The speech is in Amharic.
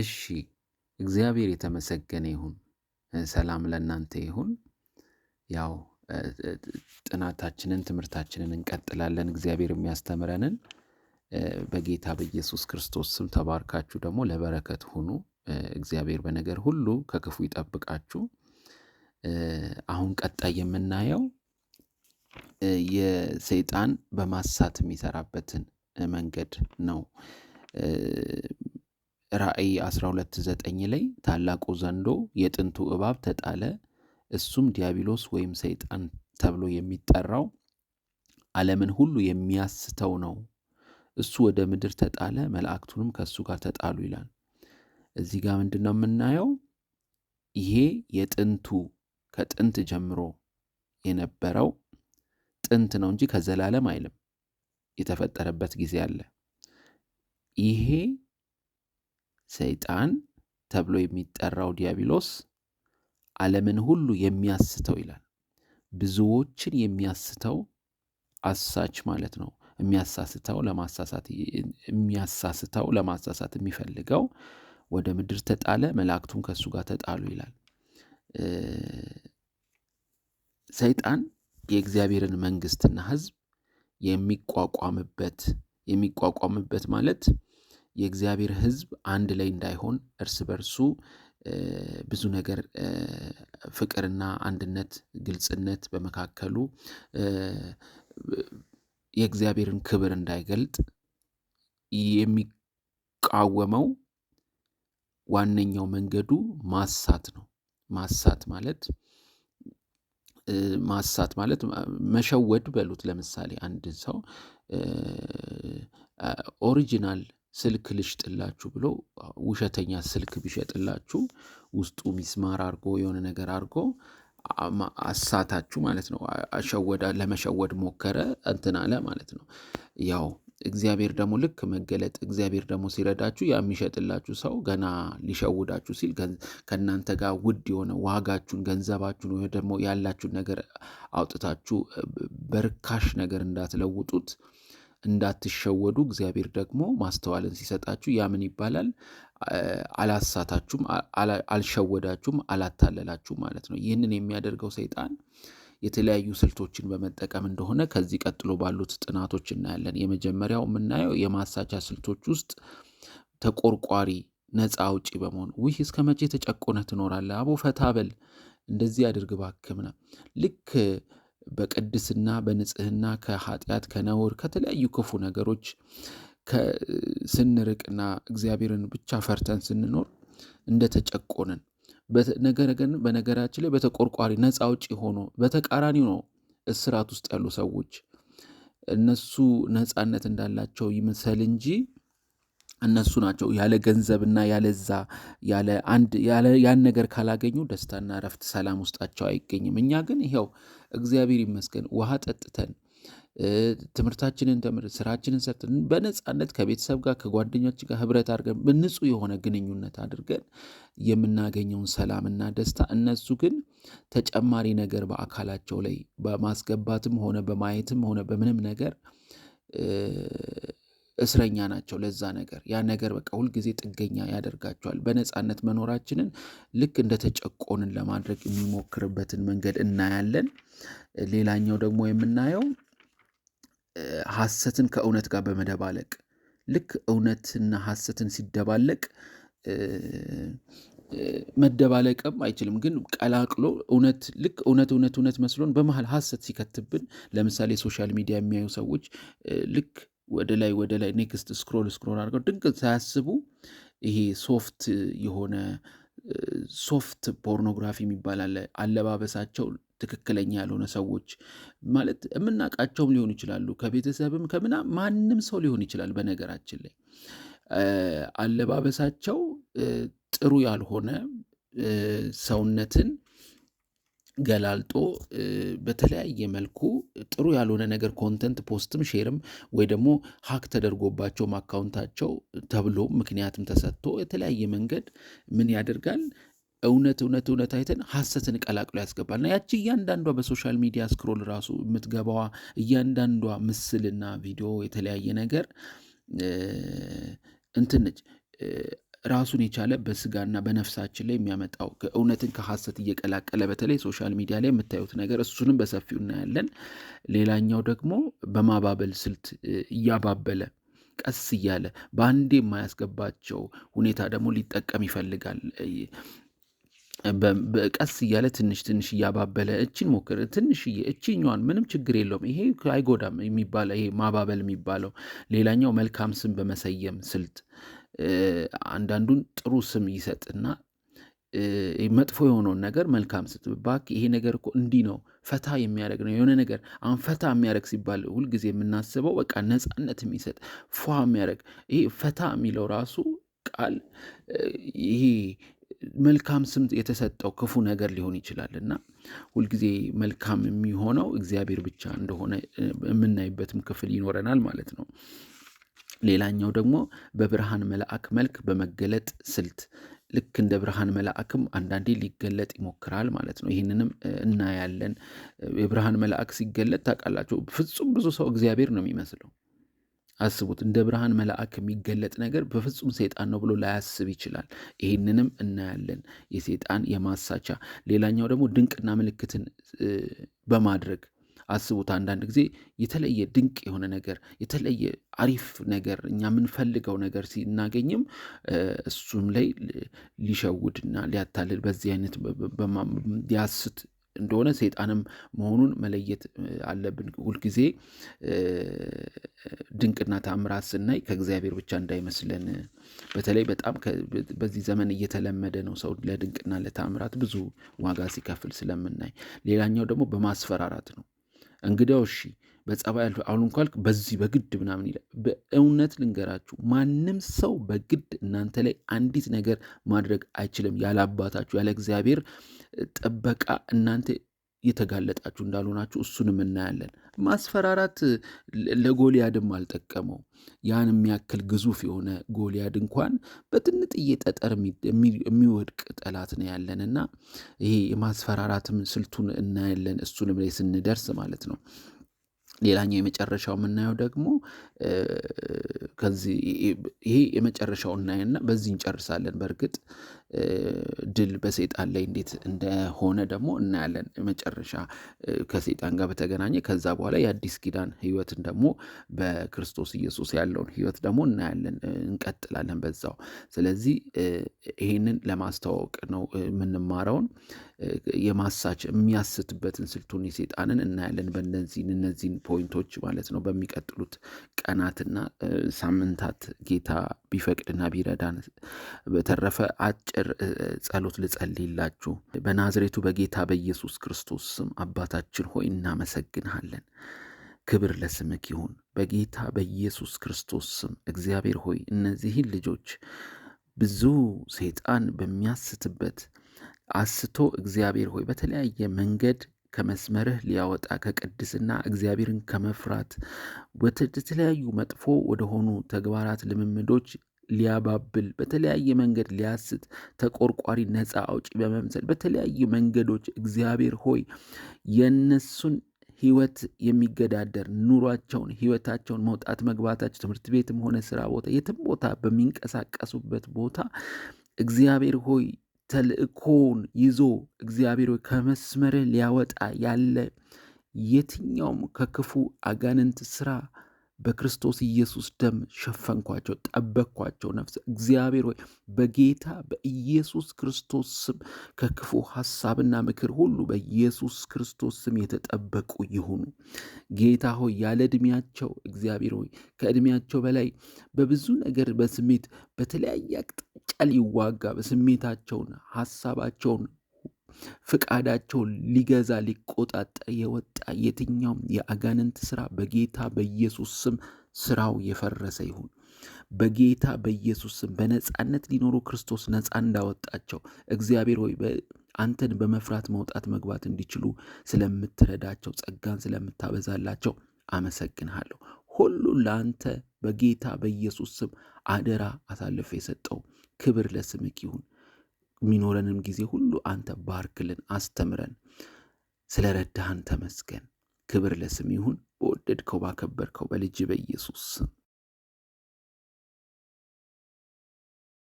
እሺ እግዚአብሔር የተመሰገነ ይሁን። ሰላም ለእናንተ ይሁን። ያው ጥናታችንን ትምህርታችንን እንቀጥላለን። እግዚአብሔር የሚያስተምረንን በጌታ በኢየሱስ ክርስቶስ ስም ተባርካችሁ ደግሞ ለበረከት ሁኑ። እግዚአብሔር በነገር ሁሉ ከክፉ ይጠብቃችሁ። አሁን ቀጣይ የምናየው የሰይጣን በማሳት የሚሰራበትን መንገድ ነው። ራእይ 12፥9 ላይ ታላቁ ዘንዶ የጥንቱ እባብ ተጣለ፣ እሱም ዲያብሎስ ወይም ሰይጣን ተብሎ የሚጠራው ዓለምን ሁሉ የሚያስተው ነው። እሱ ወደ ምድር ተጣለ፣ መላእክቱንም ከእሱ ጋር ተጣሉ ይላል። እዚህ ጋር ምንድን ነው የምናየው? ይሄ የጥንቱ ከጥንት ጀምሮ የነበረው ጥንት ነው እንጂ ከዘላለም አይልም። የተፈጠረበት ጊዜ አለ። ይሄ ሰይጣን ተብሎ የሚጠራው ዲያብሎስ ዓለምን ሁሉ የሚያስተው ይላል። ብዙዎችን የሚያስተው አሳች ማለት ነው። የሚያሳስተው ለማሳሳት የሚያሳስተው ለማሳሳት የሚፈልገው ወደ ምድር ተጣለ፣ መላእክቱም ከእሱ ጋር ተጣሉ ይላል። ሰይጣን የእግዚአብሔርን መንግስትና ሕዝብ የሚቋቋምበት የሚቋቋምበት ማለት የእግዚአብሔር ሕዝብ አንድ ላይ እንዳይሆን እርስ በርሱ ብዙ ነገር ፍቅርና አንድነት፣ ግልጽነት በመካከሉ የእግዚአብሔርን ክብር እንዳይገልጥ የሚቃወመው ዋነኛው መንገዱ ማሳት ነው። ማሳት ማለት ማሳት ማለት መሸወድ በሉት። ለምሳሌ አንድ ሰው ኦሪጂናል ስልክ ልሽጥላችሁ ብሎ ውሸተኛ ስልክ ቢሸጥላችሁ ውስጡ ሚስማር አድርጎ የሆነ ነገር አድርጎ አሳታችሁ ማለት ነው። አሸወዳ ለመሸወድ ሞከረ፣ እንትን አለ ማለት ነው። ያው እግዚአብሔር ደግሞ ልክ መገለጥ እግዚአብሔር ደግሞ ሲረዳችሁ ያ የሚሸጥላችሁ ሰው ገና ሊሸውዳችሁ ሲል ከእናንተ ጋር ውድ የሆነ ዋጋችሁን፣ ገንዘባችሁን ወይ ደግሞ ያላችሁን ነገር አውጥታችሁ በርካሽ ነገር እንዳትለውጡት እንዳትሸወዱ እግዚአብሔር ደግሞ ማስተዋልን ሲሰጣችሁ ያ ምን ይባላል? አላሳታችሁም፣ አልሸወዳችሁም፣ አላታለላችሁ ማለት ነው። ይህንን የሚያደርገው ሰይጣን የተለያዩ ስልቶችን በመጠቀም እንደሆነ ከዚህ ቀጥሎ ባሉት ጥናቶች እናያለን። የመጀመሪያው የምናየው የማሳቻ ስልቶች ውስጥ ተቆርቋሪ ነፃ አውጪ በመሆን ውህ እስከ መቼ ተጨቆነ ትኖራለህ? አቦ ፈታ በል እንደዚህ አድርግ ባክምና ልክ በቅድስና በንጽህና ከኃጢአት ከነውር ከተለያዩ ክፉ ነገሮች ስንርቅና እግዚአብሔርን ብቻ ፈርተን ስንኖር እንደተጨቆንን ነገር ግን በነገራችን ላይ በተቆርቋሪ ነፃ ውጭ ሆኖ በተቃራኒው ነው እስራት ውስጥ ያሉ ሰዎች እነሱ ነፃነት እንዳላቸው ይምሰል እንጂ እነሱ ናቸው ያለ ገንዘብና ያለዛ ያን ነገር ካላገኙ ደስታና እረፍት ሰላም ውስጣቸው አይገኝም። እኛ ግን ይኸው እግዚአብሔር ይመስገን ውሃ ጠጥተን ትምህርታችንን ተምር ስራችንን ሰርተን በነፃነት ከቤተሰብ ጋር ከጓደኞች ጋር ህብረት አድርገን ንጹህ የሆነ ግንኙነት አድርገን የምናገኘውን ሰላምና ደስታ እነሱ ግን ተጨማሪ ነገር በአካላቸው ላይ በማስገባትም ሆነ በማየትም ሆነ በምንም ነገር እስረኛ ናቸው ለዛ ነገር። ያ ነገር በቃ ሁልጊዜ ጥገኛ ያደርጋቸዋል። በነፃነት መኖራችንን ልክ እንደተጨቆንን ለማድረግ የሚሞክርበትን መንገድ እናያለን። ሌላኛው ደግሞ የምናየው ሐሰትን ከእውነት ጋር በመደባለቅ ልክ እውነትና ሐሰትን ሲደባለቅ መደባለቅም አይችልም ግን ቀላቅሎ እውነት ልክ እውነት እውነት እውነት መስሎን በመሀል ሐሰት ሲከትብን፣ ለምሳሌ ሶሻል ሚዲያ የሚያዩ ሰዎች ልክ ወደ ላይ ወደ ላይ ኔክስት ስክሮል ስክሮል አድርገው ድንቅ ሳያስቡ ይሄ ሶፍት የሆነ ሶፍት ፖርኖግራፊ የሚባል አለ። አለባበሳቸው ትክክለኛ ያልሆነ ሰዎች ማለት የምናውቃቸውም ሊሆኑ ይችላሉ፣ ከቤተሰብም ከምና ማንም ሰው ሊሆን ይችላል። በነገራችን ላይ አለባበሳቸው ጥሩ ያልሆነ ሰውነትን ገላልጦ በተለያየ መልኩ ጥሩ ያልሆነ ነገር ኮንተንት ፖስትም ሼርም ወይ ደግሞ ሀክ ተደርጎባቸውም አካውንታቸው ተብሎ ምክንያትም ተሰጥቶ የተለያየ መንገድ ምን ያደርጋል እውነት እውነት እውነት አይተን ሀሰትን ቀላቅሎ ያስገባል እና ያቺ እያንዳንዷ በሶሻል ሚዲያ ስክሮል ራሱ የምትገባዋ እያንዳንዷ ምስልና ቪዲዮ የተለያየ ነገር እንትን ነች ራሱን የቻለ በስጋና በነፍሳችን ላይ የሚያመጣው እውነትን ከሀሰት እየቀላቀለ በተለይ ሶሻል ሚዲያ ላይ የምታዩት ነገር እሱንም በሰፊው እናያለን። ሌላኛው ደግሞ በማባበል ስልት እያባበለ ቀስ እያለ በአንዴ የማያስገባቸው ሁኔታ ደግሞ ሊጠቀም ይፈልጋል። ቀስ እያለ ትንሽ ትንሽ እያባበለ እችን ሞክር ትንሽዬ እችኛዋን ምንም ችግር የለውም ይሄ አይጎዳም የሚባለው ይሄ ማባበል የሚባለው ሌላኛው መልካም ስም በመሰየም ስልት አንዳንዱን ጥሩ ስም ይሰጥና መጥፎ የሆነውን ነገር መልካም ባክ ይሄ ነገር እኮ እንዲህ ነው፣ ፈታ የሚያደርግ ነው። የሆነ ነገር አሁን ፈታ የሚያደርግ ሲባል ሁልጊዜ የምናስበው በቃ ነፃነት የሚሰጥ ፏ የሚያደርግ ይሄ ፈታ የሚለው ራሱ ቃል ይሄ መልካም ስም የተሰጠው ክፉ ነገር ሊሆን ይችላል እና ሁልጊዜ መልካም የሚሆነው እግዚአብሔር ብቻ እንደሆነ የምናይበትም ክፍል ይኖረናል ማለት ነው። ሌላኛው ደግሞ በብርሃን መልአክ መልክ በመገለጥ ስልት ልክ እንደ ብርሃን መልአክም አንዳንዴ ሊገለጥ ይሞክራል ማለት ነው። ይህንንም እናያለን። የብርሃን መልአክ ሲገለጥ ታውቃላችሁ፣ ፍጹም ብዙ ሰው እግዚአብሔር ነው የሚመስለው። አስቡት፣ እንደ ብርሃን መልአክ የሚገለጥ ነገር በፍጹም ሰይጣን ነው ብሎ ላያስብ ይችላል። ይህንንም እናያለን፣ የሰይጣን የማሳቻ ሌላኛው ደግሞ ድንቅና ምልክትን በማድረግ አስቡት። አንዳንድ ጊዜ የተለየ ድንቅ የሆነ ነገር የተለየ አሪፍ ነገር እኛ የምንፈልገው ነገር ሲናገኝም እሱም ላይ ሊሸውድና ሊያታልል በዚህ አይነት ሊያስት እንደሆነ ሰይጣንም መሆኑን መለየት አለብን። ሁልጊዜ ድንቅና ታምራት ስናይ ከእግዚአብሔር ብቻ እንዳይመስለን። በተለይ በጣም በዚህ ዘመን እየተለመደ ነው ሰው ለድንቅና ለታምራት ብዙ ዋጋ ሲከፍል ስለምናይ። ሌላኛው ደግሞ በማስፈራራት ነው። እንግዲያው እሺ በጸባይ ያልፍ አሁን እንኳን በዚህ በግድ ምናምን ይላል። በእውነት ልንገራችሁ ማንም ሰው በግድ እናንተ ላይ አንዲት ነገር ማድረግ አይችልም። ያለ አባታችሁ ያለ እግዚአብሔር ጥበቃ እናንተ እየተጋለጣችሁ እንዳልሆናችሁ እሱንም እናያለን። ማስፈራራት ለጎልያድም አልጠቀመው። ያን የሚያክል ግዙፍ የሆነ ጎልያድ እንኳን በትንጥዬ ጠጠር የሚወድቅ ጠላት ነው ያለን እና ይሄ የማስፈራራትም ስልቱን እናያለን። እሱንም ላይ ስንደርስ ማለት ነው። ሌላኛው የመጨረሻው የምናየው ደግሞ ይሄ የመጨረሻው እናየና በዚህ እንጨርሳለን። በእርግጥ ድል በሰይጣን ላይ እንዴት እንደሆነ ደግሞ እናያለን። መጨረሻ ከሰይጣን ጋር በተገናኘ ከዛ በኋላ የአዲስ ኪዳን ህይወትን ደግሞ በክርስቶስ ኢየሱስ ያለውን ህይወት ደግሞ እናያለን፣ እንቀጥላለን በዛው። ስለዚህ ይሄንን ለማስተዋወቅ ነው የምንማረውን የማሳች የሚያስትበትን ስልቱን የሴጣንን እናያለን። በነዚህን እነዚህን ፖይንቶች ማለት ነው በሚቀጥሉት ቀናትና ሳምንታት ጌታ ቢፈቅድና ቢረዳን። በተረፈ አጭር ጸሎት ልጸልይላችሁ። በናዝሬቱ በጌታ በኢየሱስ ክርስቶስ ስም አባታችን ሆይ እናመሰግንሃለን። ክብር ለስምክ ይሁን። በጌታ በኢየሱስ ክርስቶስ ስም እግዚአብሔር ሆይ እነዚህን ልጆች ብዙ ሴጣን በሚያስትበት አስቶ እግዚአብሔር ሆይ በተለያየ መንገድ ከመስመርህ ሊያወጣ ከቅድስና እግዚአብሔርን ከመፍራት የተለያዩ መጥፎ ወደሆኑ ተግባራት ልምምዶች ሊያባብል በተለያየ መንገድ ሊያስት ተቆርቋሪ ነፃ አውጪ በመምሰል በተለያዩ መንገዶች እግዚአብሔር ሆይ የእነሱን ህይወት የሚገዳደር ኑሯቸውን ህይወታቸውን መውጣት መግባታቸው ትምህርት ቤትም ሆነ ስራ ቦታ የትም ቦታ በሚንቀሳቀሱበት ቦታ እግዚአብሔር ሆይ ተልእኮውን ይዞ እግዚአብሔር ከመስመር ሊያወጣ ያለ የትኛውም ከክፉ አጋንንት ስራ በክርስቶስ ኢየሱስ ደም ሸፈንኳቸው፣ ጠበቅኳቸው። ነፍስ እግዚአብሔር ሆይ በጌታ በኢየሱስ ክርስቶስ ስም ከክፉ ሐሳብና ምክር ሁሉ በኢየሱስ ክርስቶስ ስም የተጠበቁ ይሁኑ። ጌታ ሆይ ያለ ዕድሜያቸው እግዚአብሔር ሆይ ከዕድሜያቸው በላይ በብዙ ነገር በስሜት በተለያየ አቅጣጫ ሊዋጋ በስሜታቸውን ሐሳባቸውን ፍቃዳቸውን ሊገዛ ሊቆጣጠር የወጣ የትኛውም የአጋንንት ስራ በጌታ በኢየሱስ ስም ስራው የፈረሰ ይሁን። በጌታ በኢየሱስ ስም በነፃነት ሊኖሩ ክርስቶስ ነፃ እንዳወጣቸው እግዚአብሔር ሆይ አንተን በመፍራት መውጣት መግባት እንዲችሉ ስለምትረዳቸው ጸጋን ስለምታበዛላቸው አመሰግንሃለሁ። ሁሉ ለአንተ በጌታ በኢየሱስ ስም አደራ አሳልፈ የሰጠው ክብር ለስምክ ይሁን። የሚኖረንም ጊዜ ሁሉ አንተ ባርክልን፣ አስተምረን። ስለ ረዳህን ተመስገን። ክብር ለስም ይሁን በወደድከው ባከበርከው በልጅ በኢየሱስ ስም